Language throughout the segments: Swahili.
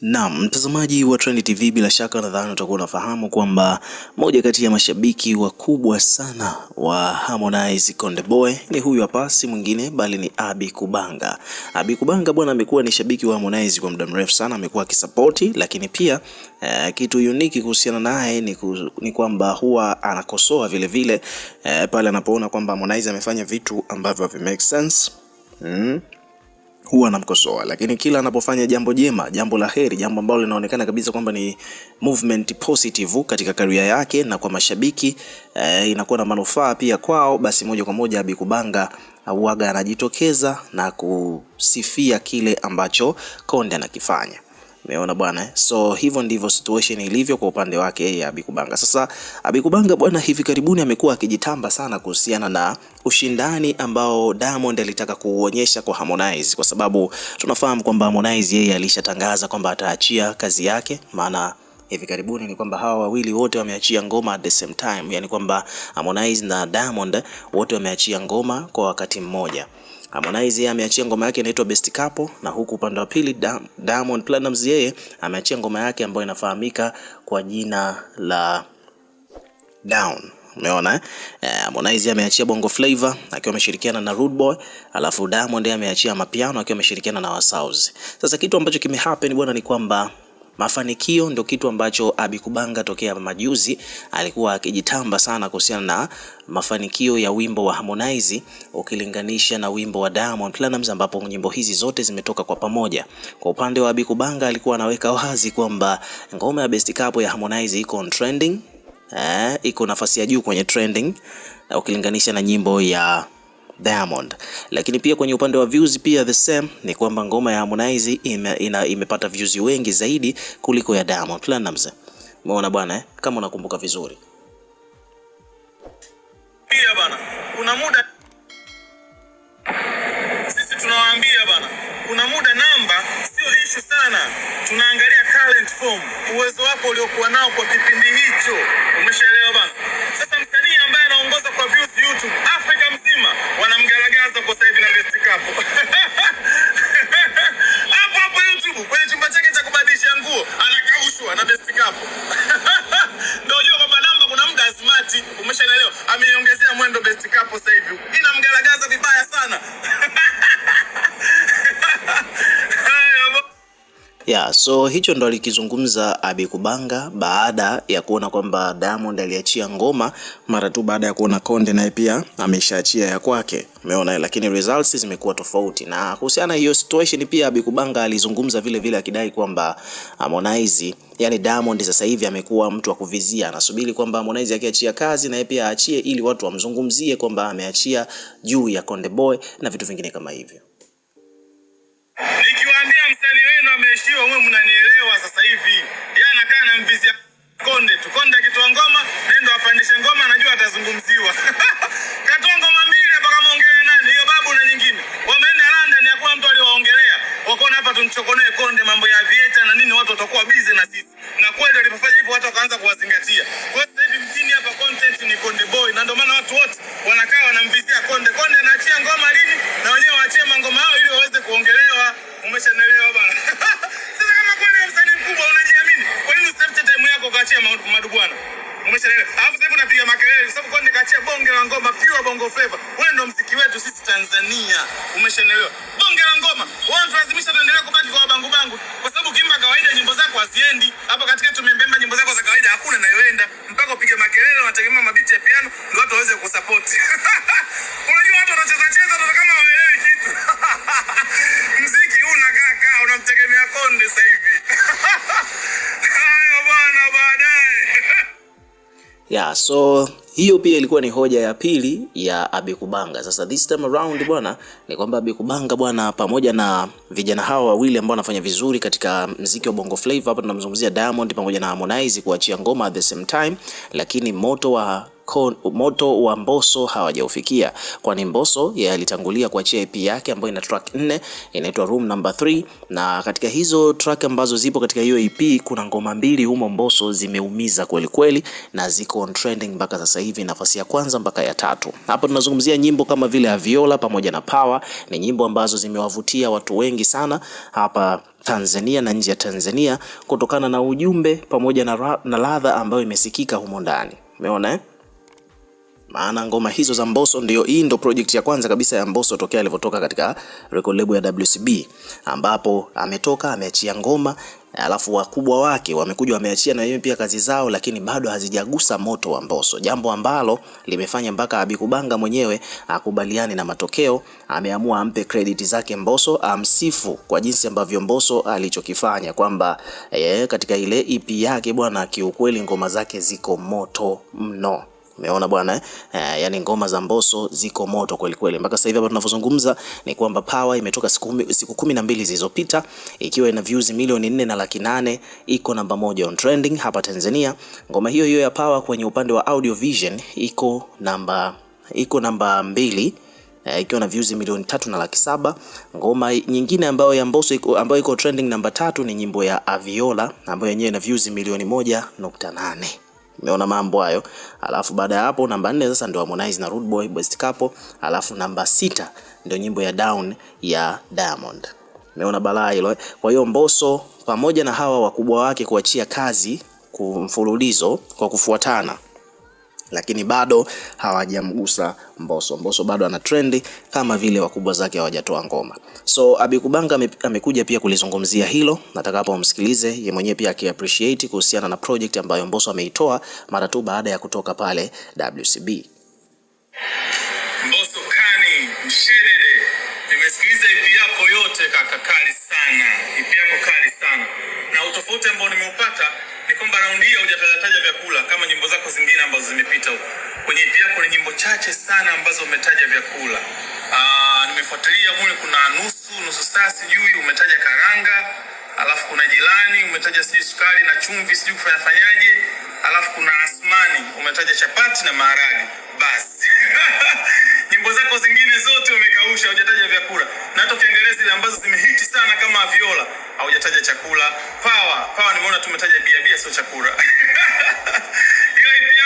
Naam, mtazamaji wa Trend TV, bila shaka nadhani utakuwa unafahamu kwamba moja kati ya mashabiki wakubwa sana wa Harmonize Konde Boy ni huyu hapa, si mwingine bali ni Abi Kubanga. Abi Kubanga bwana amekuwa ni shabiki wa Harmonize kwa muda mrefu sana, amekuwa akisapoti, lakini pia eh, kitu uniki kuhusiana naye ni, ni kwamba huwa anakosoa vile vile eh, pale anapoona kwamba Harmonize amefanya vitu ambavyo havi make sense. Mm huwa anamkosoa, lakini kila anapofanya jambo jema, jambo la heri, jambo ambalo linaonekana kabisa kwamba ni movement positive katika karia yake na kwa mashabiki eh, inakuwa na manufaa pia kwao, basi moja kwa moja Abikubanga huaga anajitokeza na kusifia kile ambacho Konde anakifanya. Umeona bwana, eh? so hivyo ndivyo situation ilivyo kwa upande wake yeye Abikubanga. Sasa Abikubanga bwana, hivi karibuni amekuwa akijitamba sana kuhusiana na ushindani ambao Diamond alitaka kuuonyesha kwa Harmonize, kwa sababu tunafahamu kwamba Harmonize yeye alishatangaza kwamba ataachia kazi yake, maana hivi karibuni ni kwamba hawa wawili wote wameachia ngoma at the same time, yani kwamba Harmonize na Diamond wote wameachia ngoma kwa wakati mmoja. Harmonize yeye ameachia ngoma yake inaitwa Best Couple, na huku upande wa pili Diamond Platnumz yeye ameachia ngoma yake ambayo inafahamika kwa jina la Down. Umeona eh? eh Harmonize ameachia Bongo Flavor akiwa ameshirikiana na Rude Boy, alafu Diamond ameachia mapiano akiwa ameshirikiana na Wasauzi. Sasa kitu ambacho kimehappen bwana ni kwamba Mafanikio ndo kitu ambacho Abikubanga tokea majuzi alikuwa akijitamba sana kuhusiana na mafanikio ya wimbo wa Harmonize ukilinganisha na wimbo wa Diamond Platnumz, ambapo nyimbo hizi zote zimetoka kwa pamoja. Kwa upande wa Abikubanga alikuwa anaweka wazi kwamba ngoma ya Best Cup ya Harmonize iko on trending, eh, iko nafasi ya juu kwenye trending ukilinganisha na nyimbo ya Diamond. Lakini pia kwenye upande wa views pia the same ni kwamba ngoma ya Harmonize ime, ina, imepata views wengi zaidi kuliko ya Diamond Platnumz. Umeona bwana eh? Kama unakumbuka vizuri. Pia bana, kuna muda sisi tunawaambia bana, kuna muda namba sio issue sana, tunaangalia current form, uwezo wako uliokuwa nao kwa kipindi hicho, umeshaelewa bana. Sasa msanii ambaye anaongoza kwa views YouTube hapo hapo hapo YouTube kwenye chumba chake cha kubadilisha nguo anakaushwa na besti kapo. so hicho ndo alikizungumza Abi Kubanga baada ya kuona kwamba Diamond aliachia ngoma mara tu baada ya kuona Konde naye pia ameshaachia ya kwake, umeona, lakini results zimekuwa tofauti. Na kuhusiana hiyo situation pia Abi Kubanga alizungumza vile vile akidai kwamba Harmonize yani Diamond sasa hivi amekuwa mtu wa kuvizia, anasubiri kwamba Harmonize akiachia kazi naye pia aachie, ili watu wamzungumzie kwamba ameachia juu ya Konde Boy na vitu vingine kama hivyo mnajua, wewe mnanielewa sasa hivi. Yeye anakaa na mvizi Konde tu, Konde akitoa ngoma nenda apandishe ngoma, najua atazungumziwa katoa ngoma mbili hapa kama ongelea nani hiyo babu na nyingine. Wameenda London, hakuna mtu aliwaongelea, wako na hapa tumchokonoe Konde, mambo ya vieta na nini, watu watakuwa busy na sisi. Na kweli walipofanya hivyo, watu wakaanza kuwazingatia. Kwa hiyo sasa hivi mjini hapa content ni Konde Boy, na ndio maana watu wote wanakaa kelele. Alafu sasa unapiga makelele sababu kwani nikachia bonge la ngoma pure bongo flavor. Wewe ndio mziki wetu sisi Tanzania. Umeshaelewa? Bonge la ngoma. Wewe tunazimisha tuendelee kubaki kwa bangu bangu kwa sababu kimba kawaida nyimbo zako haziendi. Hapa katikati tumembemba nyimbo zako za kawaida hakuna nayoenda mpaka upige Yeah, so hiyo pia ilikuwa ni hoja ya pili ya Abikubanga. Sasa this time around bwana ni kwamba Abikubanga bwana, pamoja na vijana hawa wawili ambao wanafanya vizuri katika mziki wa Bongo Flava, hapa tunamzungumzia Diamond pamoja na Harmonize kuachia ngoma at the same time, lakini moto wa mko, moto wa Mbosso hawajaufikia, kwani Mbosso yeye alitangulia kuachia EP yake ambayo ina track nne inaitwa Room Number 3, na katika hizo track ambazo zipo katika hiyo EP kuna ngoma mbili humo Mbosso zimeumiza kweli kweli, na ziko on trending mpaka sasa hivi, nafasi ya kwanza mpaka ya tatu. Hapo tunazungumzia nyimbo kama vile Aviola pamoja na Power, ni nyimbo ambazo zimewavutia watu wengi sana hapa Tanzania na nje ya Tanzania kutokana na ujumbe pamoja na, na ladha ambayo imesikika humo ndani. Umeona eh? maana ngoma hizo za Mbosso ndio hii ndo project ya kwanza kabisa ya Mbosso tokea alivyotoka katika record label ya WCB, ambapo ametoka ameachia ngoma, alafu wakubwa wake wamekuja wameachia na yeye pia kazi zao, lakini bado hazijagusa moto wa Mbosso, jambo ambalo limefanya mpaka Abikubanga mwenyewe akubaliani na matokeo. Ameamua ampe credit zake Mbosso, amsifu kwa jinsi ambavyo Mbosso alichokifanya, kwamba e, katika ile EP yake bwana, kiukweli ngoma zake ziko moto mno. Umeona bwana eh? Eh, Yani ngoma za Mboso ziko moto kweli kweli. Mpaka sasa hivi hapa tunavyozungumza ni kwamba Power imetoka siku kumi na mbili zilizopita ikiwa ina views milioni nne na laki nane iko namba moja on trending hapa Tanzania. Ngoma hiyo hiyo ya Power kwenye upande wa audio vision iko namba iko namba mbili eh, ikiwa na views milioni tatu na laki saba. Ngoma nyingine ambayo ya Mbosso ambayo iko trending namba tatu ni nyimbo ya Aviola ambayo yenyewe ina views milioni moja nukta nane. Umeona mambo hayo. Alafu baada ya hapo namba nne sasa ndio Harmonize na Rude Boy Best Couple, alafu namba sita ndio nyimbo ya Down ya Diamond. Umeona balaa hilo. Eh? Kwa hiyo Mbosso pamoja na hawa wakubwa wake kuachia kazi kumfululizo kwa kufuatana lakini bado hawajamgusa Mbosso. Mbosso bado ana trendi kama vile wakubwa zake hawajatoa ngoma. So Abikubanga amekuja pia kulizungumzia hilo, nataka hapo umsikilize yeye mwenyewe pia akiappreciate kuhusiana na project ambayo Mbosso ameitoa mara tu baada ya kutoka pale WCB. Mbosso kani mshedede, nimesikiliza ipi e yako yote kaka, kali sana ipi e yako kali sana, na utofauti ambao nimeupata ni kwamba raundi hii hujataja vyakula kama ambazo zimepita huko. Kwenye pia kuna nyimbo chache sana ambazo umetaja vyakula. Ah, nimefuatilia mule, kuna nusu nusu saa sijui umetaja karanga, alafu kuna jilani umetaja sijui sukari na chumvi sijui kufanya alafu kuna asmani umetaja chapati na maharage. Basi nyimbo zako zingine zote umekausha, hujataja vyakula, na hata ukiangalia zile ambazo zimehiti sana kama viola haujataja chakula. Pawa pawa, nimeona tumetaja biabia, sio chakula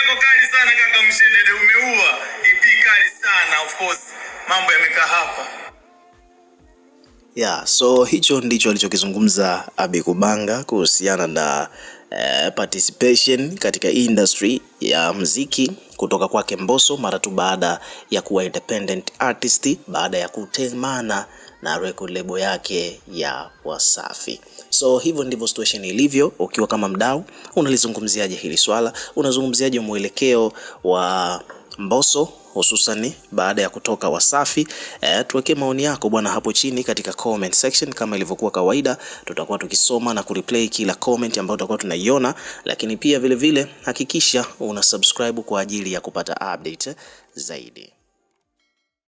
yako kali sana kaka Mshedede, umeua ipi e kali sana of course, mambo yamekaa hapa yeah. So hicho ndicho alichokizungumza Abikubanga kuhusiana na Eh, participation katika industry ya mziki kutoka kwake Mbosso mara tu baada ya kuwa independent artist baada ya kutemana na record label yake ya Wasafi. So hivyo ndivyo situation ilivyo. Ukiwa kama mdau, unalizungumziaje hili swala? Unazungumziaje mwelekeo wa Mbosso hususan baada ya kutoka Wasafi. E, tuweke maoni yako bwana hapo chini katika comment section. Kama ilivyokuwa kawaida, tutakuwa tukisoma na kureplay kila comment ambayo tutakuwa tunaiona, lakini pia vilevile vile, hakikisha una subscribe kwa ajili ya kupata update zaidi.